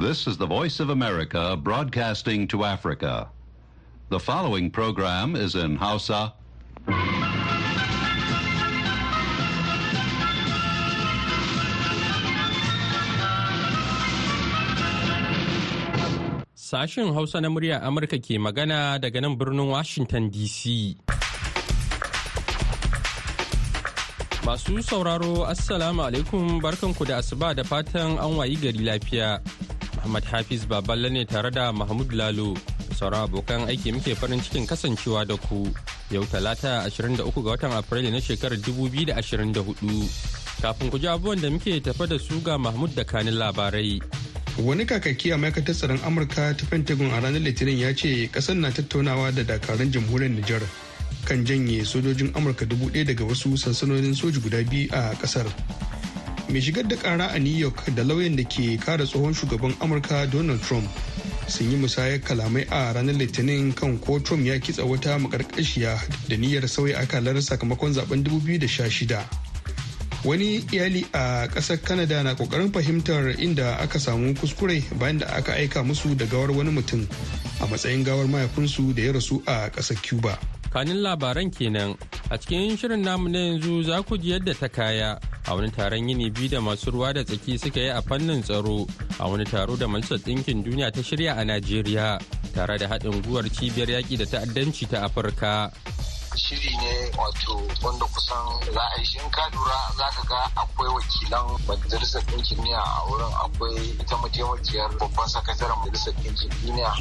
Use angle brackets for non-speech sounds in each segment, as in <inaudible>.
This is the Voice of America broadcasting to Africa. The following program is in Hausa. Sashen Hausa na murya Amurka ke magana daga nan birnin Washington DC. Masu sauraro, Assalamu alaikum barkanku da asuba da fatan an wayi gari lafiya. ahmad Hafiz Baballe ne tare da Mahmud Lalo. Sauran abokan aiki muke farin cikin kasancewa da ku. Yau talata 23 ga watan Afrilu na shekarar 2024. Kafin ku ji abubuwan da muke tafa da su ga Mahmud da kanin labarai. Wani kakaki a ma'aikatar tsaron Amurka ta Pentagon a ranar Litinin ya ce kasar na tattaunawa da dakarun jamhuriyar Nijar kan janye sojojin Amurka dubu daya daga wasu sansanonin soji guda biyu a kasar. mai shigar da kara a new york da lauyan da ke kara tsohon shugaban amurka donald trump sun yi musayar kalamai a ranar litinin kan ko trump ya kitsa wata makarkashiya da niyyar sauya akalar sakamakon zaben 2016 wani iyali a ƙasar canada na ƙoƙarin fahimtar inda aka samu kuskure bayan da aka aika musu da gawar wani mutum a matsayin gawar mahaifinsu da ya rasu a ƙasar cuba kanin labaran kenan A cikin shirin namu na yanzu za ku ji yadda ta kaya a wani taron yini biyu da masu ruwa da tsaki suka yi a fannin tsaro a wani taro da Majalisar Ɗinkin Duniya ta shirya a Najeriya tare da haɗin gwiwar cibiyar yaƙi da ta'addanci ta Afirka. shiri ne wato wanda kusan za a yi shi ka lura za ka ga akwai wakilan majalisar ɗinkin duniya a wurin akwai ita mataimakiyar babban sakataren majalisar ɗinkin duniya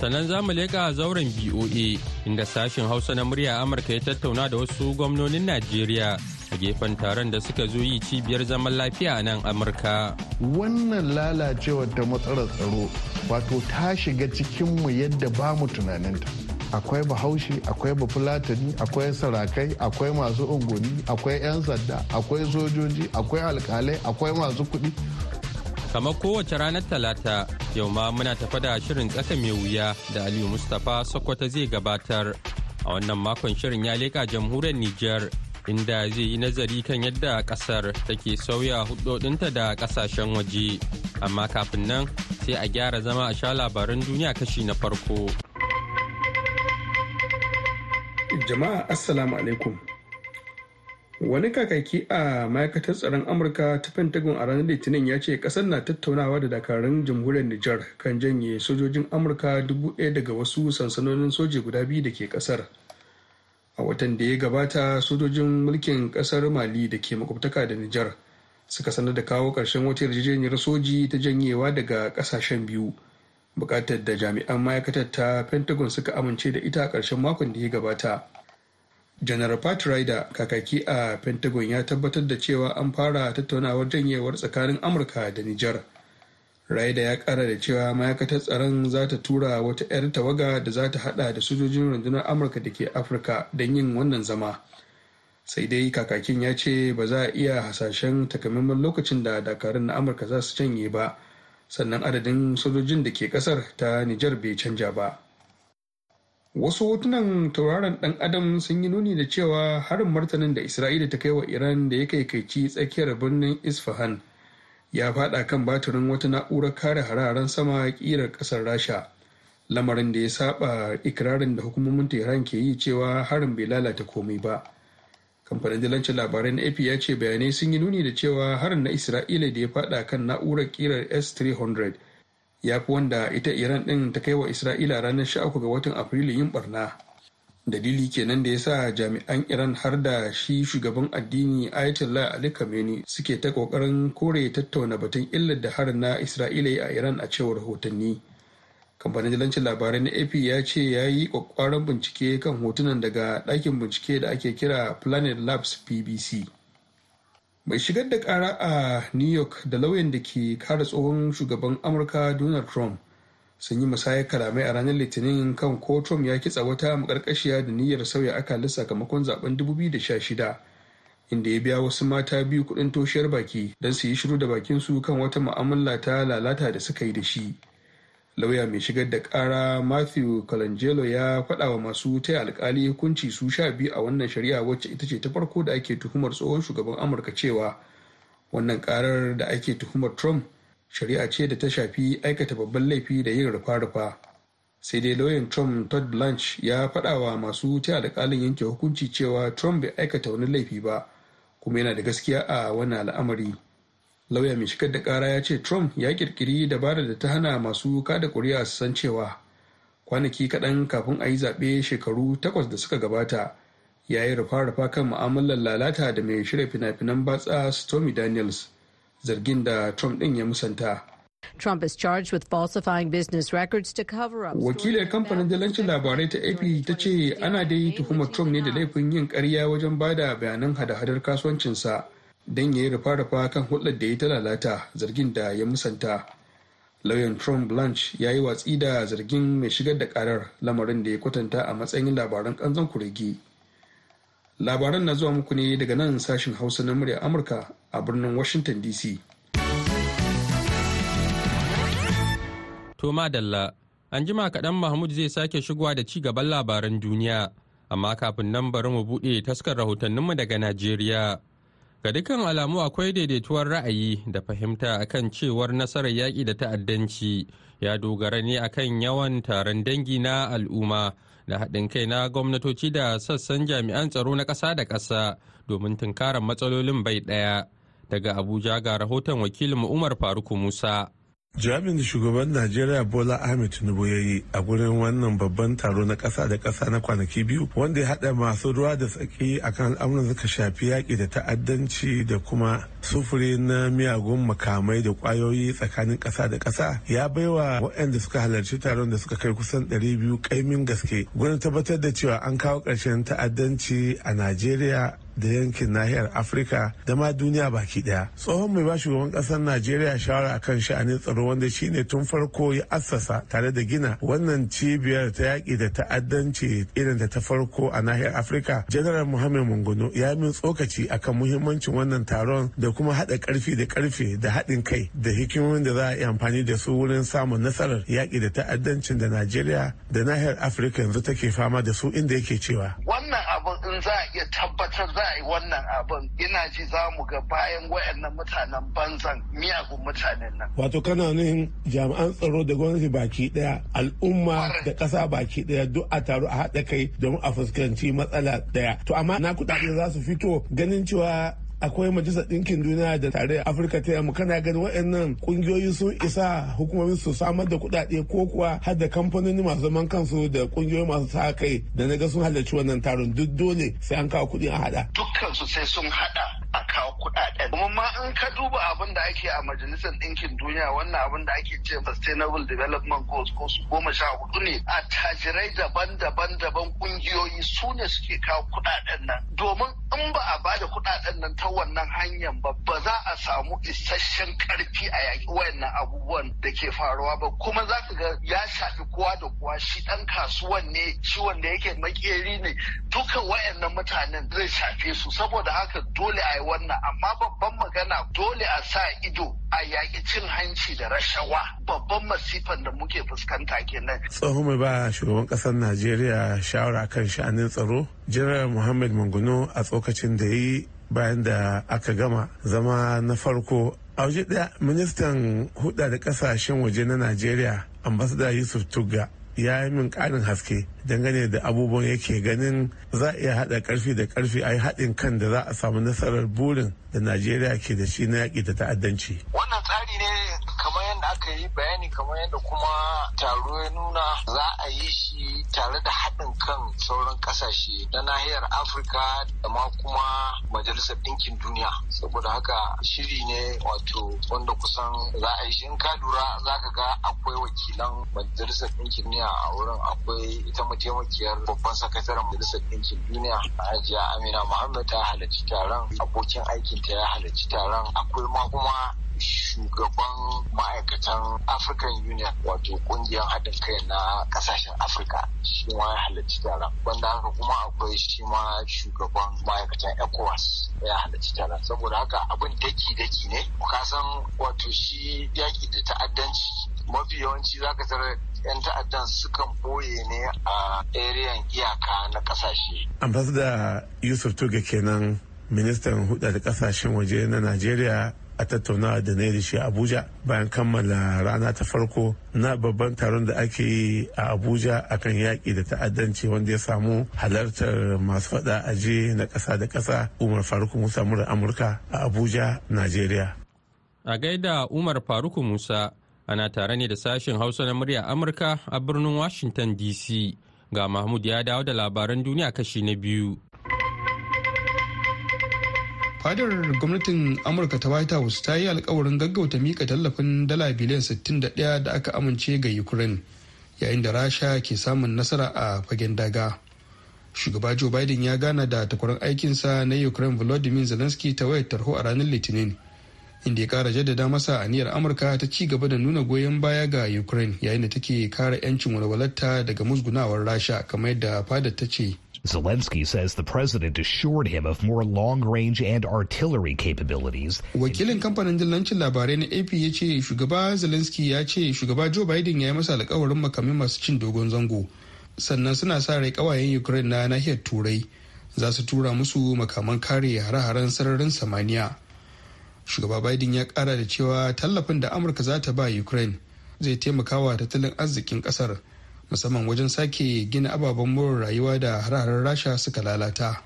sannan za mu leƙa zauren BOA inda sashen Hausa na murya Amurka ya tattauna da wasu gwamnonin Najeriya a gefen taron da suka zo yi cibiyar zaman lafiya a nan Amurka. Wannan lalacewar ta matsalar tsaro wato ta shiga cikinmu yadda ba mu tunaninta. akwai bahaushe akwai bafulatani akwai sarakai akwai masu unguni akwai 'yan sadda akwai sojoji akwai alkalai akwai masu kuɗi Kamar kowace ranar Talata, yau ma muna tafa da shirin tsaka mai wuya da Aliyu Mustapha Sokoto zai gabatar. A wannan makon shirin ya leƙa jamhuriyar Nijar, inda zai yi nazari kan yadda ƙasar take sauya hudodinta da kasashen waje. Amma kafin nan sai a gyara zama a sha labaran duniya kashi na farko. Jama'a Assalamu alaikum. wani kakaki a ma'aikatar tsaron amurka ta pentagon a ranar litinin ya ce kasar na tattaunawa da dakarun jamhuriyar nijar kan janye sojojin amurka dubu ɗaya daga wasu sansanonin soji guda biyu da ke kasar a watan da ya gabata sojojin mulkin kasar mali da ke makwabtaka da nijar suka sanar da kawo ƙarshen wata yarjejeniyar soji ta janyewa daga ƙasashen biyu bukatar da jami'an ma'aikatar ta pentagon suka amince da ita a ƙarshen makon da ya gabata janar pat ryder kakaki a pentagon ya tabbatar da cewa an fara tattaunawar janyewar tsakanin amurka da nijar raida ya kara da cewa ma'aikatar tsaron za ta tura wata 'yar tawaga da za ta hada da sojojin rundunar amurka da ke afirka don yin wannan zama sai dai kakakin ya ce ba za a iya hasashen takamaiman lokacin da dakarun na amurka za su canye ba sannan adadin sojojin da ke kasar ta nijar bai canja ba wasu hotunan tauraron dan adam sun yi nuni da cewa harin martanin da isra'ila ta kai wa iran da ya kaikaici tsakiyar birnin isfahan ya fada kan batirin wata na'urar kare hararen sama kirar kasar rasha lamarin da ya saba ikirarin da hukumomin tehran ke yi cewa harin bai lalata komai ba kamfanin dalancin labarai na ap ya ce bayanai sun yi nuni da cewa harin na isra'ila da ya fada kan na'urar kirar s 300 ya fi wanda ita iran ɗin ta kai wa isra'ila ranar 13 ga watan afrilu yin barna dalili kenan da ya sa jami'an iran har da shi shugaban addini ayatollah ali khamenei suke ta kokarin kore tattauna batun illar da harin na isra'ila a iran a cewar rahotanni kamfanin dalancin labarai na ap ya ce ya yi kwakwaran bincike kan hotunan daga ɗakin bincike da ake kira planet labs pbc mai shigar da kara a new york da lauyan da ke kara tsohon shugaban amurka donald trump sun yi musayar kalamai a ranar litinin kan ko trump ya kitsa wata makarkashiya da niyyar sauya akalin sakamakon zaben 2016 inda ya biya wasu mata biyu kudin toshiyar baki don su yi shiru da bakin su kan wata mu'amala ta lalata da suka yi da shi lauya mai shigar da kara matthew colangelo ya faɗa wa masu taya alkali hukunci su sha biyu a wannan shari'a wacce ita ce ta farko da ake tuhumar tsohon shugaban amurka cewa wannan karar da ake tuhumar trump shari'a ce da ta shafi aikata babban laifi da yin rufa-rufa sai dai lauyan trump todd blanche ya faɗa wa masu taya alkalin yanke hukunci cewa trump bai aikata wani laifi ba kuma yana da gaskiya a wannan al'amari lauya mai shigar da kara ya ce trump ya kirkiri dabarar da ta hana masu kada kuri'a su san cewa kwanaki kaɗan kafin a yi zaɓe shekaru takwas da suka gabata ya yi rufa-rufa kan mu'amalar lalata da mai shirya fina-finan batsa stormy daniels zargin da trump ɗin ya musanta Trump is charged with falsifying business records to cover up. Wakilar kamfanin dalancin labarai ta AP ta ce ana dai tuhumar Trump ne da laifin yin ƙarya wajen bada bayanan hada-hadar kasuwancinsa don ya yi rufa-rufa kan hulɗar da ya ta lalata zargin da ya musanta lauyan trump blanche ya yi watsi da zargin mai shigar da karar lamarin da ya kwatanta a matsayin labaran kanzon kuregi labaran na zuwa muku ne daga nan sashen hausa na murya amurka a birnin washington dc to madalla an jima kaɗan mahmud zai sake shigowa da ci gaban labaran duniya amma kafin nan bari mu buɗe taskar rahotanninmu daga najeriya Ga dukkan alamu akwai daidaituwar ra'ayi da fahimta akan cewar nasarar yaƙi da ta'addanci ya dogara ne akan yawan taron dangi na al'umma da haɗin kai na gwamnatoci da sassan jami'an tsaro na ƙasa da ƙasa domin tunkarar matsalolin bai ɗaya. Daga Abuja ga rahoton wakilin Umar Faruku Musa. jami'in shugaban najeriya bola ahmed tinubu ya yi a gurin wannan babban taro na ƙasa da ƙasa na kwanaki biyu wanda ya haɗa masu ruwa da tsaki akan al'amuran suka shafi yaki da ta'addanci da kuma sufuri na miyagun makamai da kwayoyi tsakanin ƙasa da kasa ya baiwa waɗanda suka halarci taron da suka kai kusan 200 kaimin gaske gurin tabbatar da cewa an kawo ƙarshen ta'addanci a najeriya da yankin nahiyar afirka da ma duniya baki daya tsohon mai ba shugaban ƙasar najeriya shawara akan sha'anin tsaro wanda shine tun farko ya assasa tare da gina wannan cibiyar ta yaƙi da ta'addanci irin da ta farko a nahiyar afirka general muhammed munguno ya min tsokaci akan muhimmancin wannan taron da kuma haɗa ƙarfi da ƙarfe da haɗin kai da hikimomin da za a yi amfani da su wurin samun nasarar yaƙi da ta'addancin da Najeriya da nahiyar Afirka yanzu take fama da su inda yake cewa. Wannan abun in za a iya tabbatar za a yi wannan abin ina ji za mu ga bayan wayannan mutanen banzan miyagun mutanen nan. Wato kana nuhin jami'an tsaro da gwamnati baki ɗaya al'umma da ƙasa baki ɗaya duk a taro a haɗa kai don a fuskanci matsala ɗaya. To amma na kuɗaɗe za su fito ganin cewa akwai majalisar ɗinkin duniya da tare afirka ta yamma kana ganin waɗannan ƙungiyoyi sun isa hukumomin su samar da kuɗaɗe ko kuwa har da kamfanoni masu zaman kansu da ƙungiyoyi masu sa kai da na ga sun halarci wannan taron duk dole sai an kawo kuɗi a haɗa. dukkan su sai sun haɗa a kawo kuɗaɗen. Kuma ma in ka duba abin da ake a majalisar ɗinkin duniya wannan abin da ake ce sustainable development goals ko su goma sha hudu ne a tajirai daban-daban daban ƙungiyoyi su ne suke kawo kuɗaɗen nan. Domin in ba a bada kuɗaɗen nan ta wannan hanyar ba ba za a samu isasshen karfi a yaƙi wayannan abubuwan da ke faruwa ba kuma za ka ga ya shafi kowa da kowa shi ɗan kasuwan ne shi wanda yake makeri ne duka wayannan mutanen zai shafe su saboda haka dole a yi wannan amma babban magana dole a sa ido a yaƙi cin hanci da rashawa babban masifan da muke fuskanta kenan. Tsohon mai ba shugaban ƙasar Najeriya shawara kan sha'anin tsaro, Jiran Muhammad Manguno a tsokacin da yi bayan da aka gama zama na farko a waje ɗaya ministan huɗa da ƙasashen waje na Najeriya ambasada Yusuf Tugga ya yi min karin haske dangane da abubuwan yake ganin za a iya haɗa karfi da karfi a yi haɗin kan da za a samu nasarar burin da najeriya ke da shi na yaƙi da ta'addanci wannan tsari ne kamar yadda aka yi bayani kamar yadda kuma taro ya nuna za a yi shi tare da haɗin kan sauran ƙasashe na nahiyar afirka da ma kuma majalisar ɗinkin duniya saboda haka shiri ne wato wanda kusan za a yi shi in ka lura za ka ga akwai wakilan majalisar ɗinkin duniya a wurin akwai ita mataimakiyar babban sakataren majalisar ɗinkin duniya hajiya amina muhammad ta halarci taron abokin aikinta ya halarci taron akwai ma kuma shugaban ma'aikatan African Union wato kungiyar haɗin kai na ƙasashen Afirka shi ma ya halarci taron. Banda haka kuma akwai shi ma shugaban ma'aikatan ECOWAS ya halarci taron. Saboda haka abin daki-daki ne, ka san wato shi yaƙi da ta'addanci mafi yawanci za ka tarar 'yan ta'addan sukan boye ne a ariyan iyaka na kasashe. ambasada yusuf tuga kenan ministan hudu da kasashen waje na najeriya a tattaunawa da na yi da shi abuja bayan kammala rana ta farko na babban taron da ake yi a abuja akan yaƙi da ta'addanci wanda ya samu halartar masu faɗa aje na ƙasa da ƙasa umar faruk musa mura amurka a abuja nigeria. a gaida umar faruk musa ana tare ne da sashen hausa na murya amurka a birnin washington dc ga mahmud ya dawo da labaran duniya kashi na biyu fadar gwamnatin amurka ta white house ta yi alkawarin gaggauta mika tallafin dala biliyan 61 da aka amince ga ukraine yayin da rasha ke samun nasara a fagen daga shugaba joe biden ya gana da takwarar aikinsa na ukraine volodymyr zelensky ta wayar tarho a ranar litinin inda ya kara jaddada masa aniyar amurka ta ci gaba da nuna goyon baya ga ukraine yayin da take kara 'yancin walwalarta daga musgunawar rasha kamar yadda fadar ta ce Zelensky says the president assured him of more long-range and artillery capabilities. Wakilin kamfanin dillancin labarai na AP ya ce shugaba Zelensky ya ce shugaba Joe Biden ya yi masa alkawarin makamai masu cin dogon zango. Sannan suna sa rai kawayen Ukraine na nahiyar Turai za su tura musu makaman kare hare-haren sararin samaniya. Shugaba Biden ya kara da cewa tallafin da Amurka za ta ba Ukraine zai taimakawa tattalin arzikin kasar. musamman wajen sake gina ababen more rayuwa da hararen rasha suka lalata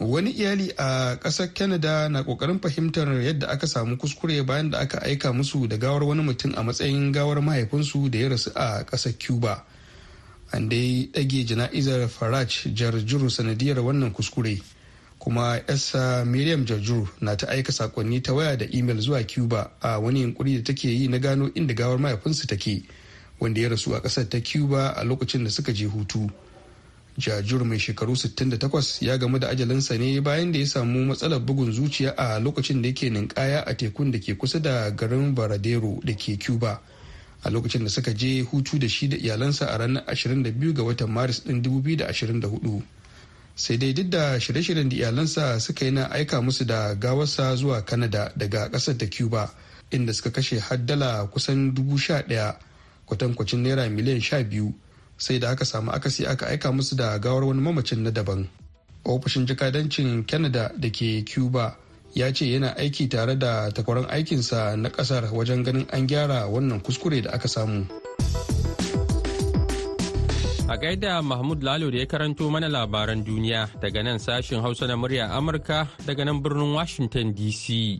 wani iyali a ƙasar canada na ƙoƙarin fahimtar yadda aka samu kuskure bayan da aka aika musu da gawar wani mutum a matsayin gawar mahaifinsu da ya rasu a ƙasar cuba an dai ɗage jana'izar faraj jarjuru sanadiyar wannan kuskure kuma yarsa miriam jarjuru na ta aika sakonni ta waya da imel zuwa cuba a wani yunkuri da take yi na gano inda gawar mahaifinsu take wanda ya rasu a ƙasar ta cuba a lokacin da suka je hutu jajur mai shekaru 68 ya gamu da ajalinsa ne bayan da ya samu matsalar bugun zuciya a lokacin da yake ninkaya a tekun da ke kusa da garin baradero da ke cuba a lokacin da suka je hutu da shi da iyalansa a ranar 22 ga watan maris ɗin 2024 sai dai duk da shirye-shiryen da iyalansa suka yi na aika musu da gawarsa zuwa kanada daga ƙasar da cuba inda suka kashe haddala kusan dubu sha ɗaya kwatankwacin naira miliyan sha biyu sai da aka samu akasi aka aika musu da gawar wani mamacin na daban ofishin jakadancin canada da ke cuba ya ce yana aiki tare da takwaran aikinsa na kasar wajen ganin an gyara wannan kuskure da aka samu a gaida mahmud lalo da ya karanto mana labaran duniya daga nan sashin hausa na murya amurka daga nan birnin washington dc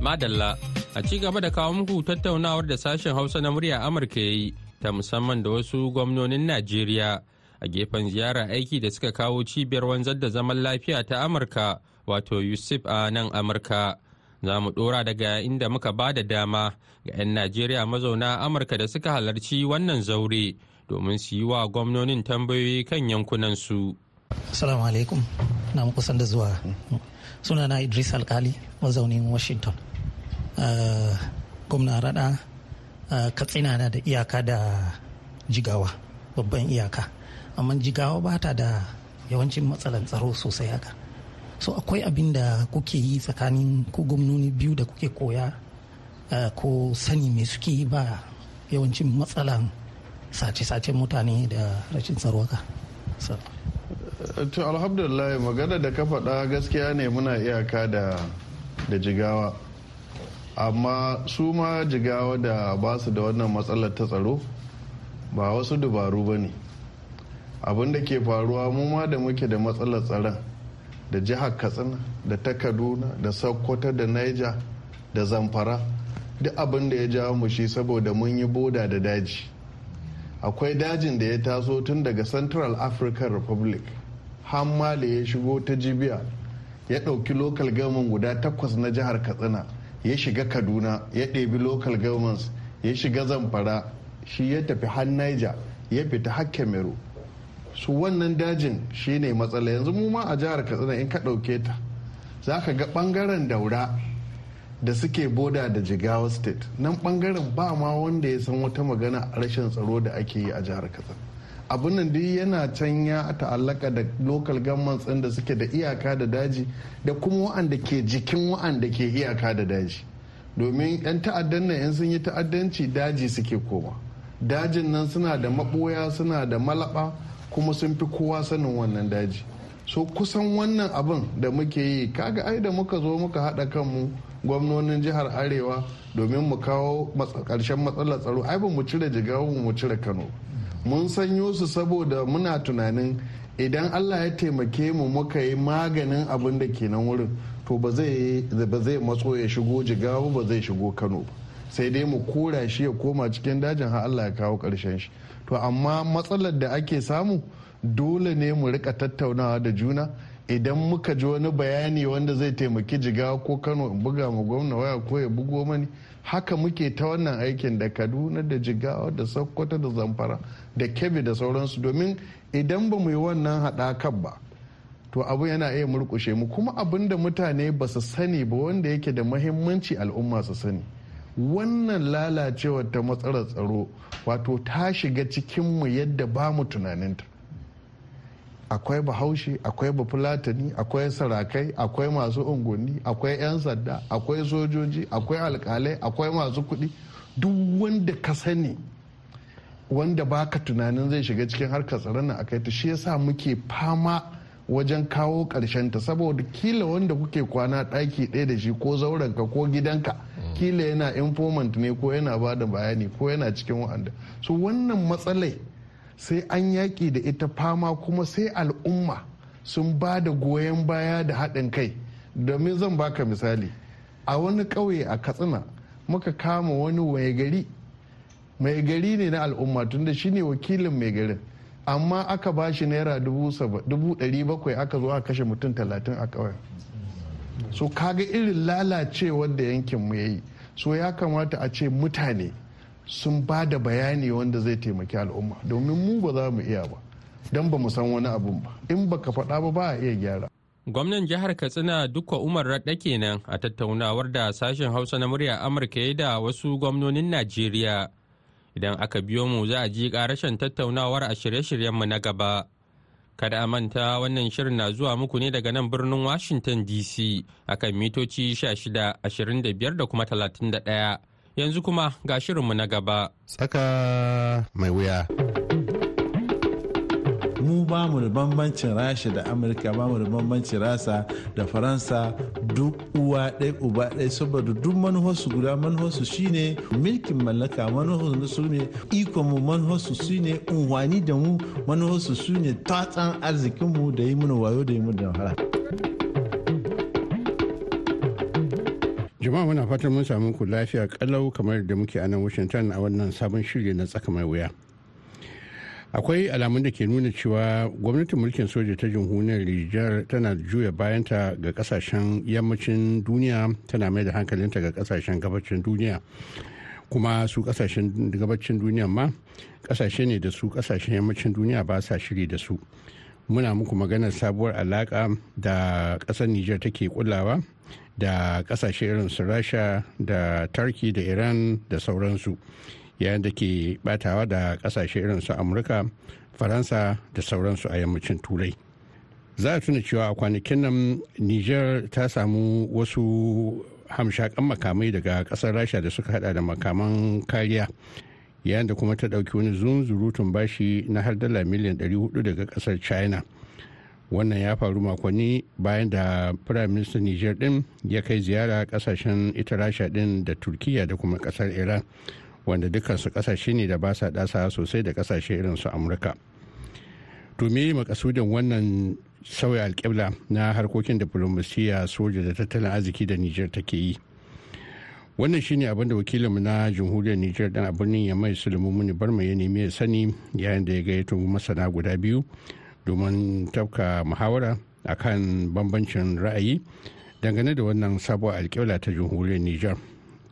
Madalla a ci gaba da kawo muku tattaunawar da sashen Hausa na murya Amurka ya yi ta musamman da wasu gwamnonin Najeriya a gefen ziyara aiki da suka kawo cibiyar wanzar da zaman lafiya ta Amurka wato Yusuf a nan Amurka. Za mu ɗora daga inda muka ba da dama ga 'yan Najeriya mazauna Amurka da suka halarci wannan zaure domin su yi wa gwamnonin tambayoyi kan yankunansu. Assalamu alaikum, na kusan da zuwa. suna Sunana Idris Alkali, mazaunin Washington. Eh, gwamna rada eh, katsina na da iyaka da jigawa babban iyaka amma jigawa ba ta da yawancin matsalan tsaro sosai haka so akwai abin da kuke yi tsakanin ku gwamnoni biyu da kuke koya eh, ko sani mai suke yi ba yawancin matsalan sace sace mutane da rashin tsaro haka to alhamdulillah magana da ka faɗa gaskiya ne muna iyaka da jigawa amma su ma jigawa da ba su da wannan matsalar ta tsaro ba wasu dubaru ba ne abin da ke faruwa mu ma da muke da matsalar tsaron da jihar katsina da ta kaduna da sokoto da niger da zamfara duk abin da ya jawo mu shi saboda mun yi boda da daji akwai dajin da ya taso tun daga central african republic hammali ya shigo ta jibiya ya ɗauki lokal gamin guda takwas na jihar katsina ya shiga kaduna ya ɗebi local governments ya shiga zamfara shi ya tafi har niger ya fita har cameroon su wannan dajin shi ne matsala yanzu mu ma a jihar katsina in ka ɗauke ta za ka ga ɓangaren daura da suke boda da jigawa state nan ɓangaren ba ma wanda ya san wata magana rashin tsaro da ake yi a jihar katsina abin nan dai yana can ya ta'allaka da local governments ɗin da suke da iyaka da daji da kuma wa'anda ke jikin wa'anda ke iyaka da daji domin 'yan ta'addan nan 'yan sun yi ta'addanci daji suke koma dajin nan suna da maboya suna da malaba kuma sun fi kowa sanin wannan daji so kusan wannan abin da muke yi kaga ai da muka zo muka haɗa kanmu gwamnonin jihar arewa domin mu kawo ƙarshen matsalar tsaro ai ba mu cire jigawa mu cire kano mun sanyo su saboda muna tunanin idan allah ya taimake mu muka yi maganin abin da ke nan wurin to ba zai matso ya shigo jigawa ba zai shigo kano ba sai dai mu kora shi ya koma cikin dajin har allah ya kawo karshen shi to amma matsalar da ake samu dole ne mu rika tattaunawa da juna idan muka ji wani bayani wanda zai taimaki jigawa ko kano in buga mu gwamna waya ko ya bugo mani haka muke ta wannan aikin da kaduna da jigawa da sokoto da zamfara da kebe da sauransu domin idan ba mu yi wannan haɗakan ba to abu yana iya murkushe mu kuma abin da mutane ba su sani ba wanda yake da mahimmanci al'umma su sani wannan lalacewar ta matsalar tsaro wato ta shiga cikinmu yadda ba mu tunaninta akwai bahaushe akwai bafulatani akwai sarakai akwai masu unguwanni akwai 'yan sadda akwai sojoji akwai alkalai akwai masu kuɗi duk wanda ka sani wanda baka tunanin zai shiga cikin harkar tsaron nan akai ta shi yasa muke fama wajen kawo karshen ta saboda kila wanda kuke kwana ɗaki ɗaya da shi ko zaurenka ko gidanka kila yana informant ne ko yana ba bayani ko yana cikin wa'anda so wannan matsalai sai an yaƙi da ita fama kuma sai al'umma sun ba da goyon baya da haɗin kai domin zan baka misali a wani ƙauye a katsina muka kama wani mai gari mai gari ne na al'umma tunda shine wakilin mai garin amma aka ba shi naira dubu bakwai aka zo a kashe mutum talatin a ƙauyen so kaga irin lalacewar da yankin mu ya yi so ya kamata a ce mutane sun ba da bayani wanda zai taimaki al'umma domin mu ba za mu iya ba don ba mu san wani abun ba in baka faɗa ba ba a iya gyara gwamnan jihar katsina dukwa umar raɗa kenan a tattaunawar da sashen hausa na murya amurka ya da wasu gwamnonin najeriya idan aka biyo mu za a ji karashen tattaunawar a shirye shiryen mu na gaba kada a manta wannan shirin na zuwa muku ne daga nan birnin washington dc akan mitoci 16 25 da kuma 31 Yanzu kuma ga shirinmu na gaba. Tsaka mai wuya. Mu ba mu da bambancin Rasha da Amurka ba mu da bambancin Rasa da Faransa duk uwa ɗaya uba ɗaya saboda duk manuhosu guda manuwarsu shine milkin mallaka na su ne ikonmu mu manuwarsu su ne unwani da mu manuhosu su ne tatsan arzikinmu da yi mana wayo da yi mana da jama'a muna fatan mun samu ku lafiya kalau kamar da muke a nan washington a wannan sabon shirya na tsaka mai wuya akwai alamun da ke nuna cewa gwamnatin mulkin soja ta jamhuriyar nijar tana juya bayanta ga kasashen yammacin duniya tana mai da hankalinta ga kasashen gabacin duniya kuma su kasashen gabacin duniya ma kasashe ne da su kasashen yammacin duniya ba sa shiri da su muna muku maganar sabuwar alaƙa da ƙasar Nijar take kulawa da ƙasashe irin su Rasha da Turkey da Iran da sauransu yayin da ke batawa da ƙasashe irin su Amurka, Faransa da sauransu a yammacin Turai. Za a tuna cewa a kwanakin nan Nijar ta samu wasu hamshakan makamai daga ƙasar Rasha da suka hada da makaman kariya. yayin da kuma ta ɗauki wani zunzurutun bashi na har dala miliyan 400 daga ƙasar china wannan ya faru makonni bayan da prime minister niger din ya kai ziyara kasashen ita rasha din da turkiya da kuma ƙasar iran wanda dukansu ƙasashe ne da ba sa dasa sosai da kasashe irin su amurka tumi me makasudin wannan sauya alƙibla na harkokin diplomasiya soja da tattalin arziki da niger take yi wannan shine abin da wakilinmu na jamhuriyar nijar dan a birnin yamai sulemu muni barma ya nemi ya sani yayin da ya gayyato masana guda biyu domin tafka muhawara akan bambancin ra'ayi dangane da wannan sabuwar alƙibla ta jamhuriyar niger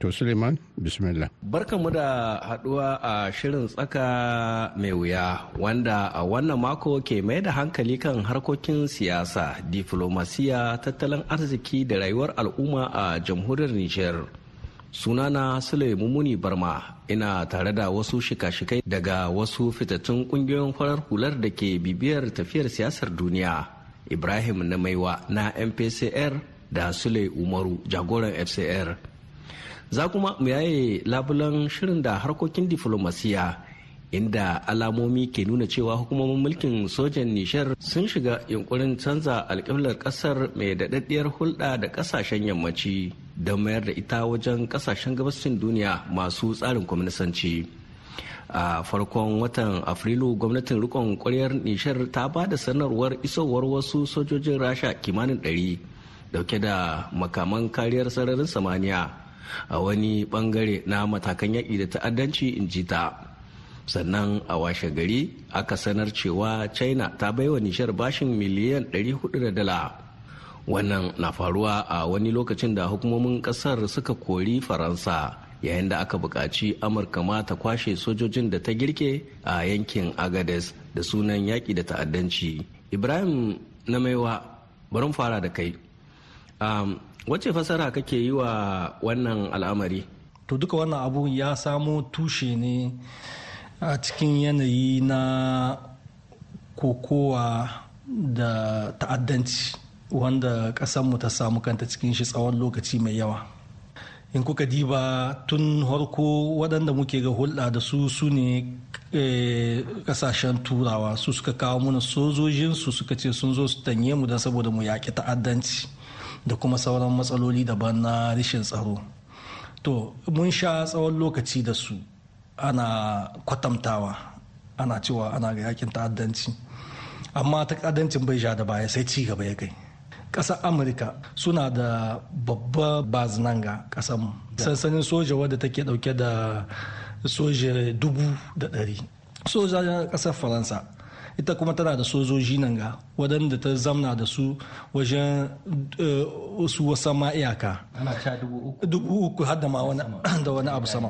to suleiman bismillah barkanmu da haduwa a shirin tsaka mai wuya wanda a wannan mako ke mai da hankali kan harkokin siyasa diflomasiya tattalin arziki da rayuwar al'umma a jamhuriyar niger. sunana sule Mummuni barma ina tare da wasu shika-shikai daga wasu fitattun kungiyoyin farar hular da ke bibiyar tafiyar siyasar duniya ibrahim na maiwa na mpcr da sule umaru jagoran fcr za kuma mu yaye labulan shirin da harkokin diflomasiya inda alamomi ke nuna cewa hukumomin mulkin sojan nishar sun shiga yunkurin canza alƙiblar ƙasar mai daɗaɗɗiyar hulɗa da ƙasashen yammaci da mayar da ita wajen kasashen gabashin duniya masu tsarin kwaminisanci a farkon watan afrilu gwamnatin rikon kwaryar nishar ta ba da sanarwar isowar wasu sojojin rasha kimanin 100 dauke da makaman kariyar sararin samaniya a wani bangare na matakan yaƙi da ta'addanci in ji ta sannan a washe gari aka sanar cewa china ta baiwa nishar bashin miliyan 400 da dala wannan na faruwa a wani lokacin da hukumomin kasar suka kori faransa yayin da aka buƙaci amurka ma ta kwashe sojojin da ta girke a yankin agades da sunan yaƙi da ta'addanci ibrahim na maiwa barin fara da kai um, wacce fasara kake yi wa wannan al'amari to duka wannan abu ya samo tushe ne a cikin yanayi na kokowa da ta'addanci wanda mu ta samu kanta cikin shi tsawon lokaci mai yawa in kuka diba tun harko waɗanda muke ga hulɗa da su su ne eh, ƙasashen turawa su suka kawo mana sojojinsu suka ce sun zo su tanye mu don saboda mu yaƙi ta'addanci da kuma sauran matsaloli daban na rashin tsaro to mun sha tsawon lokaci da su ana kwatamtawa ana cewa ana ga yakin ta'addanci amma ta'addancin bai sha da baya sai ci gaba ya kai ƙasar amurka suna da babbar bazinanga ƙasar sansanin soja wadda take ɗauke da soja dubu da ɗari soja ƙasar faransa ita kuma tana da sojoji nan ga waɗanda ta zamna da su wajen eh, su wasan ma iyaka dubu uku har da <coughs> wani abu sama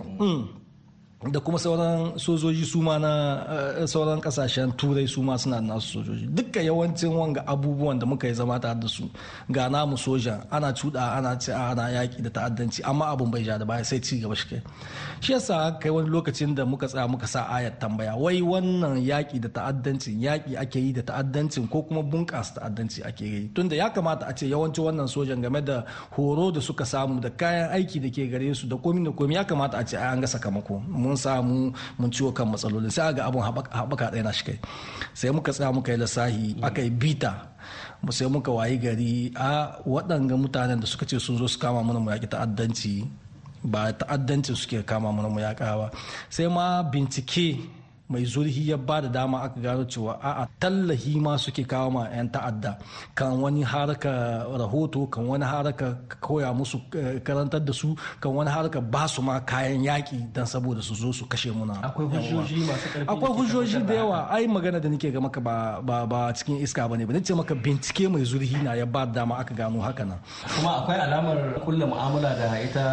da kuma sauran sojoji su ma na eh, sauran kasashen turai su ma suna nasu sojoji duka yawancin wanga abubuwan da muka yi zama ta da su ga namu soja ana cuda ana ci ana yaki da ta'addanci amma abun bai ja da baya sai ci gaba shi kai shi yasa kai wani lokacin da muka tsaya muka sa ayat tambaya wai wannan yaki da ta'addancin yaki ake yi da ta'addancin ko kuma bunkasa ta'addanci ake yi tunda ya kamata a ce yawancin wannan sojan game da horo da suka samu da kayan aiki da ke gare su da komi da komi ya kamata a ce an ga sakamako mun samu mun ciwo kan matsaloli sai ga abun haɓaka ɗaya na shi kai sai muka tsaya muka yi lissahi aka yi bita sai muka wayi gari a waɗanga mutanen da suka ce sun zo su kama mana mu yaƙi ta'addanci ba ta'addanci suke kama mana mu yaƙa ba sai ma bincike mai zurhi ya ba da dama aka gano cewa a'a tallahi ma suke kawo ma 'yan ta'adda kan wani haraka rahoto kan wani haraka koya musu eh, karantar da su kan wani haraka ba su ma kayan yaƙi don saboda su zo su kashe muna akwai hujjoji da yawa ai magana da nake ga maka ba cikin iska bane ba ce maka bincike mai zurhi na ya ba da dama aka gano haka nan kuma akwai alamar kulle mu'amala da ita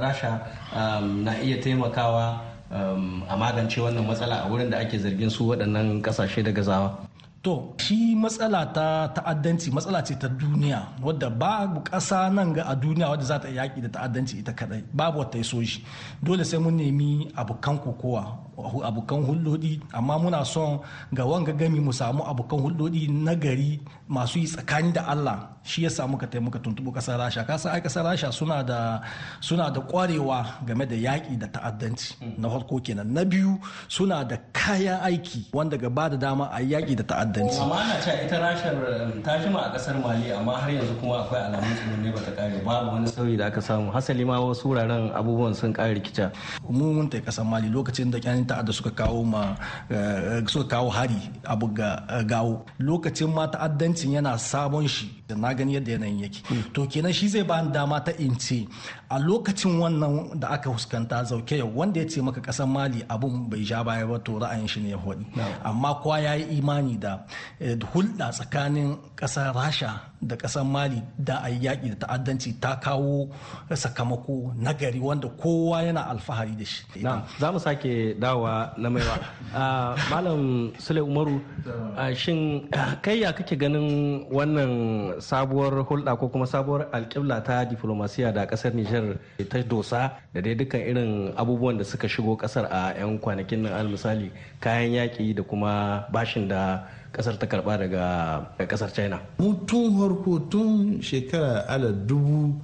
rasha um, na iya taimakawa Um, a magance wannan matsala a wurin da ake zargin su waɗannan ƙasashe da gazawa To, shi matsala ta ta'addanci matsala ce ta duniya wadda babu ƙasa nan ga a duniya wadda za ta yaƙi da ta'addanci ita kadai babu wata ya shi. Dole sai mun nemi abokan kokowa, abokan hulɗoɗi, amma muna son ga wanga gami mu samu abokan hulɗoɗi na gari masu yi tsakani da Allah shi ya samu ka taimaka tuntuɓo ƙasar Rasha. Kasa ai ƙasar Rasha suna da suna da ƙwarewa game da yaƙi da ta'addanci mm. na farko kenan. Na biyu suna da kayan aiki wanda gaba da dama a yaƙi da ta'addanci. ta'addanci amma ana cewa ita rashin um, ta jima a kasar mali amma har yanzu kuma akwai alamun tsoro ne bata kare ba babu wani sauyi da aka samu hasali ma wasu wuraren abubuwan sun kare rikica mu mun tai kasar mali lokacin da kyanin ta'adda suka kawo ma eh, suka kawo hari abu ga eh, gawo lokacin ma ta'addancin yana sabon shi da na gani yadda yanayin yake to kenan shi zai bani dama ta in ce a lokacin wannan da aka huskanta zauke yau wanda ya ce maka kasan mali abun bai ja baya ba to ra'ayin shi ne ya faɗi amma kwa ya yi imani eh, da hulɗa tsakanin ƙasar rasha da ƙasar mali da a yaƙi da ta'addanci ta kawo sakamako nagari wanda kowa yana alfahari da shi za mu sake dawa na maiwa <laughs> ah, malam sule umaru ah, shin kai ya kake ganin wannan sabuwar hulɗa ko kuma sabuwar alƙibla ta diflomasiya da ƙasar Nijar ta dosa da dai dukkan irin abubuwan da suka shigo ƙasar a 'yan kwanakin nan misali kayan yaƙi da kuma bashin da ƙasar ta karba daga ƙasar china mutum harko tun shekara ala dubu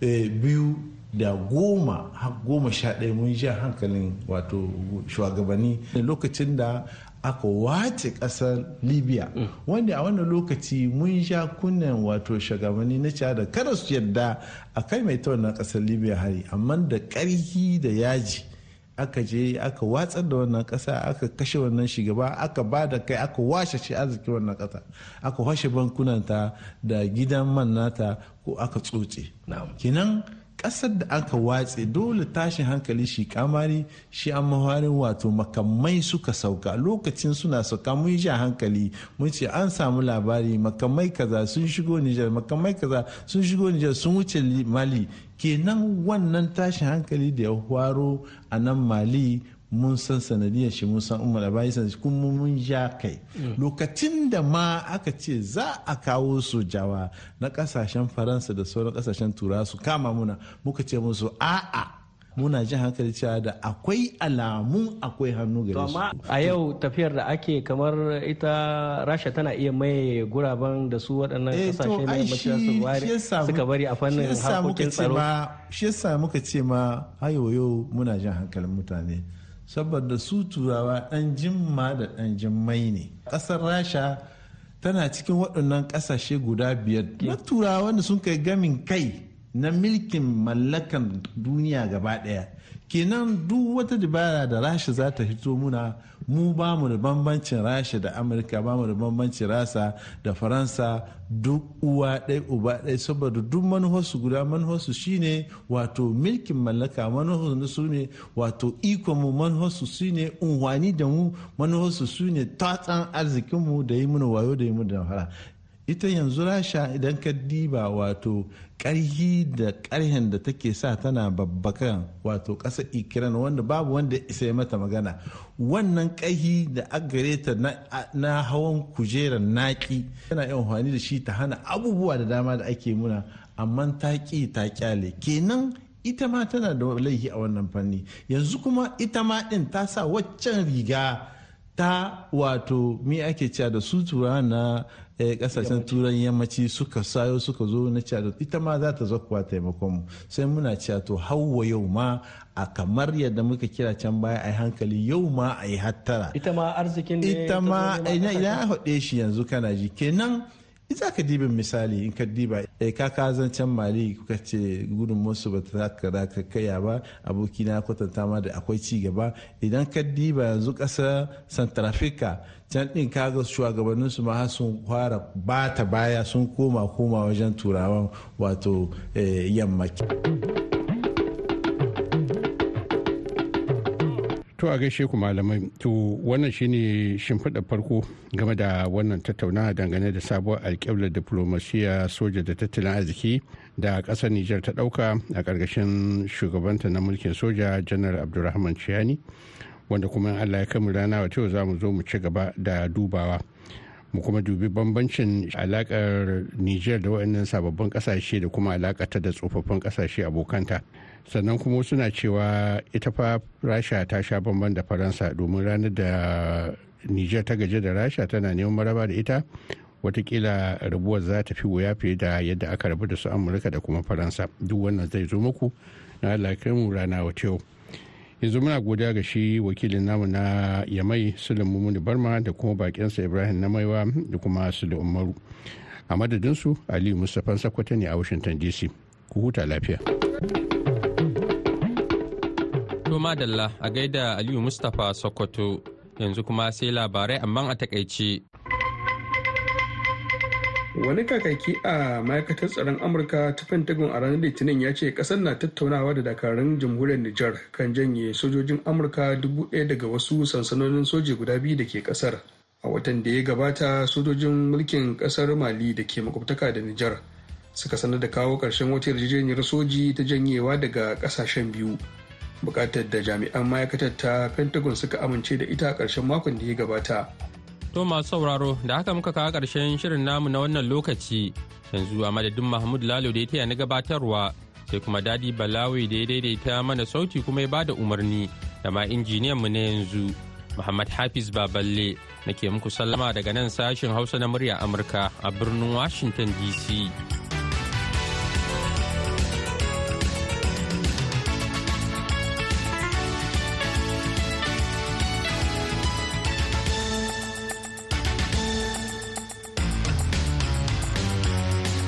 eh, biyu da goma goma sha ɗaya mun sha hankalin wato shugabanni lokacin da aka wace ƙasar libya mm. wanda a wannan lokaci mun sha kunnen wato shagabanni na cewa da kada su yadda a kai mai ta wannan kasar libya hari amma da karhi da yaji aka je aka watsar da wannan kasa aka kashe wannan shugaba aka ba da kai aka washe shi arziki wannan kasa aka washe bankunanta da gidan man nata ko aka tsotse kenan ƙasar da aka watse dole tashin hankali shi kamari shi an maharin wato makamai suka sauka lokacin suna sauka mun yi ja hankali mun ce an samu labari makamai kaza sun shigo nijar makamai kaza sun shigo nijar sun wuce mali kenan wannan tashin hankali da ya waro a nan mali mun san sanadiyar shi mun san umar abayi shi kuma mun ja kai mm. lokacin da ma aka ce za a kawo sojawa na kasashen faransa da sauran kasashen tura su kama muna muka ce musu a'a muna jin hankali cewa da akwai alamun akwai hannu gare su. a yau tafiyar da ake kamar ita rasha tana iya maye guraben da su waɗannan kasashe eh, na yammacin suka bari a fannin harkokin tsaro. shi yasa muka ce ma hayo yau muna jin hankalin mutane. saboda su turawa ɗan jimma da ɗan jimmai ne ƙasar rasha tana cikin waɗannan ƙasashe guda biyar na turawa da sun kai gamin kai na milkin mallakan duniya gaba ɗaya kenan duk wata dabara da rasha za ta hito muna mu ba mu da bambancin rasha da amurka ba mu da bambancin rasa da faransa duk uwa ɗai uba ɗai saboda duk manuhosu guda manuwarsu shine wato milkin mallaka manuhosu su ne wato ikon mu su ne unwani da mu manuhosu su ne tatsan arzikinmu mu da yi mana wayo da yi mu da hara ita yanzu rasha idan ka diba wato karhi da karhen da take sa tana babbakan wato ƙasa ikiran wanda babu wanda isa mata magana wannan karhi da agareta na hawan kujerar naki tana yin amfani da shi ta hana abubuwa da dama da ake muna amma ta ƙi ta kyale kenan ita ma tana da laihi a wannan fanni yanzu kuma ita ma ɗin ta sa waccan riga ta wato mi ake cewa da su tura na eh, kasashen turan yammaci suka sayo suka zo na cewa ita ma za ta zakuwa taimakon mu sai muna cewa to hawa yau ma a kamar yadda muka kira can baya a hankali yau ma a yi hattara ita ma arzikin ne ita ma idan ya haɗe shi yanzu kana ji kenan in za ka dibin misali in ka diba e ka ka zancen mali kuka ce gudun musu ba ta ka da ka kaya ba aboki na kwatanta ma da akwai ci gaba idan ka diba yanzu ƙasa santarafika can din ka kaga shugabannin su ma sun fara bata baya sun koma koma wajen turawan wato eh, yamma to a gaishe ku malamai to wannan shine shimfiɗa farko game da wannan tattaunawa dangane da sabuwar alƙiblar diplomasiya soja da tattalin arziki da ƙasar Nijar ta ɗauka a ƙarƙashin shugabanta na mulkin soja janar Abdulrahman Ciyani wanda kuma Allah ya kamu rana wa za mu zo mu ci gaba da dubawa. mu kuma dubi bambancin alakar niger da waɗannan sababbin ƙasashe da kuma alakata da tsofaffin ƙasashe abokanta sannan kuma suna cewa ita fa rasha ta sha bamban da faransa domin ranar da niger ta gaje da rasha tana neman maraba da ita watakila rabuwar za ta fi wuya fiye da yadda aka rabu da su amurka da kuma faransa duk wannan zai zo muku na alaƙar mu rana wata yau yanzu muna godiya ga shi wakilin namu na yamai sulun mumuni barma da kuma bakinsa ibrahim na maiwa da kuma sulun umaru a madadinsu aliyu mustapha sakwata ne a washington dc ku huta lafiya to madalla a gaida aliyu mustapha sokoto yanzu kuma sai labarai amma a takaice wani kakaki a ma'aikatar tsaron amurka ta pentagon a ranar litinin ya ce kasar na tattaunawa da dakarun jamhuriyar nijar kan janye sojojin amurka dubu ɗaya daga wasu sansanonin soji guda biyu da ke kasar a watan da ya gabata sojojin mulkin kasar mali da ke makwabtaka da nijar suka sanar da kawo ƙarshen wata yarjejeniyar soji ta janyewa daga ƙasashen biyu bukatar da jami'an ma'aikatar ta pentagon suka amince da ita a ƙarshen makon da ya gabata To masu sauraro da haka muka kawo ƙarshen shirin namu na wannan lokaci yanzu a madadin Mahmud Lalo da ya taya na gabatarwa sai kuma Dadi Balawi da ya daidaita mana sauti kuma ya bada umarni da ma injiniyan mu na yanzu Muhammad Hafiz Baballe nake muku sallama daga nan sashin Hausa na murya Amurka a birnin Washington DC.